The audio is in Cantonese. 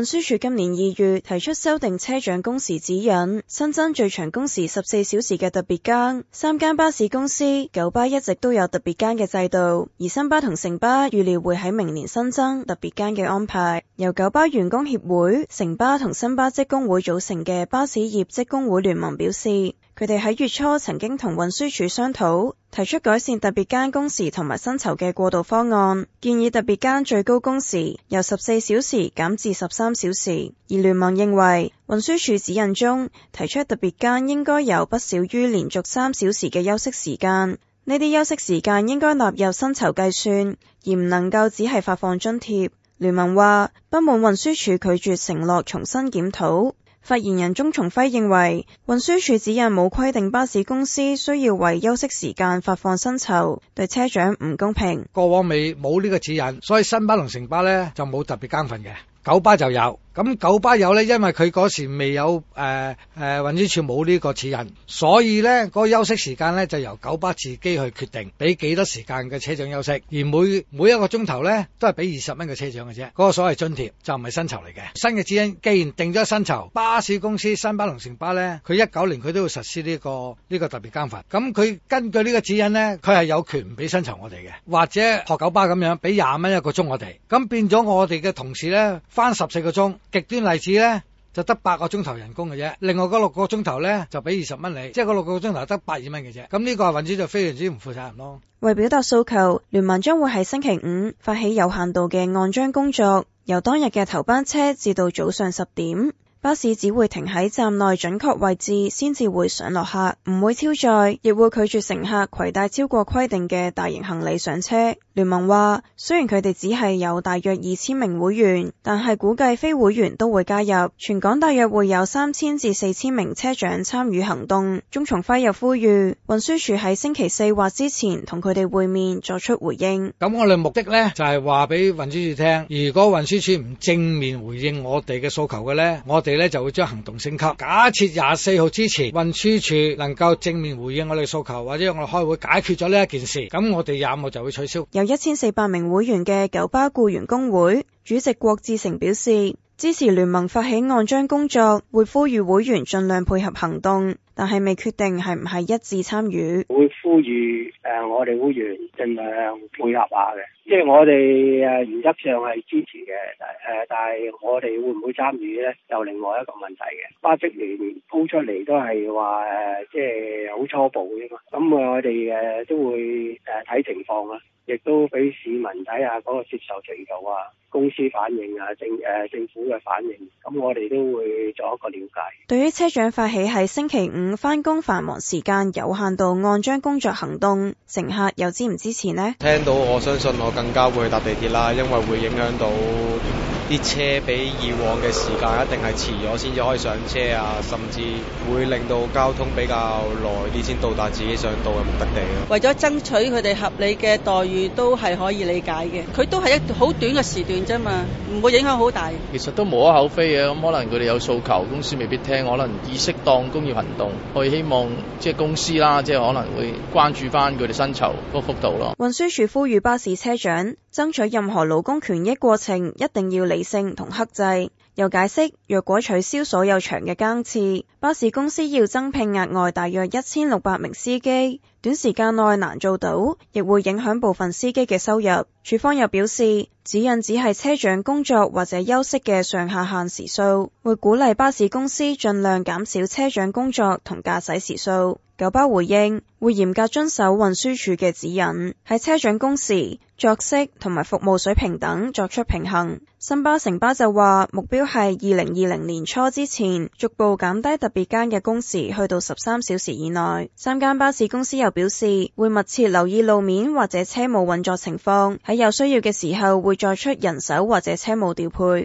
運輸署今年二月提出修訂車長工時指引，新增最長工時十四小時嘅特別更。三間巴士公司，九巴一直都有特別更嘅制度，而新巴同城巴預料會喺明年新增特別更嘅安排。由九巴員工協會、城巴同新巴職工會組成嘅巴士業職工會聯盟表示。佢哋喺月初曾經同運輸署商討，提出改善特別更工時同埋薪酬嘅過渡方案，建議特別更最高工時由十四小時減至十三小時。而聯盟認為，運輸署指引中提出特別更應該有不少於連續三小時嘅休息時間，呢啲休息時間應該納入薪酬計算，而唔能夠只係發放津貼。聯盟話不滿運輸署拒絕承諾重新檢討。發言人鍾從輝認為，運輸署指引冇規定巴士公司需要為休息時間發放薪酬，對車長唔公平。過往未冇呢個指引，所以新巴同城巴呢就冇特別更次嘅。九巴就有，咁九巴有呢？因為佢嗰時未有誒、誒，運輸署冇呢個指引，所以呢嗰、嗰個、休息時間呢，就由九巴自己去決定，俾幾多時間嘅車長休息，而每每一個鐘頭呢，都係俾二十蚊嘅車長嘅啫，嗰、嗰個所謂津貼就唔係薪酬嚟嘅。新嘅指引既然定咗薪酬，巴士公司新巴、同城巴呢，佢一九年佢都要實施呢、呢個呢、呢個特別更次，咁佢根據呢個指引呢，佢係有權唔俾薪酬我哋嘅，或者學九巴咁樣俾廿蚊一個鐘我哋，咁變咗我哋嘅同事呢。翻十四個鐘，極端例子咧就得八個鐘頭人工嘅啫，另外嗰六個鐘頭咧就俾二十蚊你，即係嗰六個鐘頭得百二蚊嘅啫。咁呢個系子就非常之唔負責任咯。為表達訴求，聯盟將會喺星期五發起有限度嘅按章工作，由當日嘅頭班車至到早上十點。巴士只會停喺站內準確位置先至會上落客，唔會超載，亦會拒絕乘客携帶超過規定嘅大型行李上車。聯盟話，雖然佢哋只係有大約二千名會員，但係估計非會員都會加入，全港大約會有三千至四千名車長參與行動。鐘崇輝又呼籲運輸署喺星期四或之前同佢哋會面作出回應。咁我哋目的咧就係話俾運輸署聽，如果運輸署唔正面回應我哋嘅訴求嘅咧，我哋。你哋咧就會將行動升級。假設廿四號之前運輸署能夠正面回應我哋訴求，或者我哋開會解決咗呢一件事，咁我哋廿五就會取消。有一千四百名會員嘅九巴僱員工會主席郭志成表示，支持聯盟發起按章工作，會呼籲會員盡量配合行動，但係未決定係唔係一致參與。呼籲誒我哋會員盡量配合下嘅，即係我哋誒原則上係支持嘅，誒但係我哋會唔會參與咧，就另外一個問題嘅。巴職聯鋪出嚟都係話誒，即係好初步嘅嘛。咁我哋誒都會誒睇情況啦，亦都俾市民睇下嗰個接受程度啊、公司反應啊、政誒政府嘅反應，咁、嗯、我哋都會作一個了解。對於車長發起喺星期五翻工繁忙時間有限度按章工。着行動乘客又支唔支持呢？聽到我相信我更加會搭地鐵啦，因為會影響到。啲車比以往嘅時間一定係遲咗先至可以上車啊，甚至會令到交通比較耐啲先到達自己想到嘅目的地。為咗爭取佢哋合理嘅待遇，都係可以理解嘅。佢都係一個好短嘅時段啫嘛，唔會影響好大。其實都無可厚非嘅，咁可能佢哋有訴求，公司未必聽。可能以適當工業行動，我希望即係公司啦，即係可能會關注翻佢哋薪酬嗰個幅度咯。運輸署呼籲巴士車長。爭取任何勞工權益過程一定要理性同克制。又解釋，若果取消所有長嘅更次，巴士公司要增聘額外大約一千六百名司機。短時間內難做到，亦會影響部分司機嘅收入。署方又表示，指引只係車長工作或者休息嘅上下限時數，會鼓勵巴士公司盡量減少車長工作同駕駛時數。九巴回應，會嚴格遵守運輸署嘅指引，喺車長工時、作息同埋服務水平等作出平衡。新巴、城巴就話目標係二零二零年初之前逐步減低特別更嘅工時，去到十三小時以內。三間巴士公司又表示會密切留意路面或者車務運作情況，喺有需要嘅時候會再出人手或者車務調配。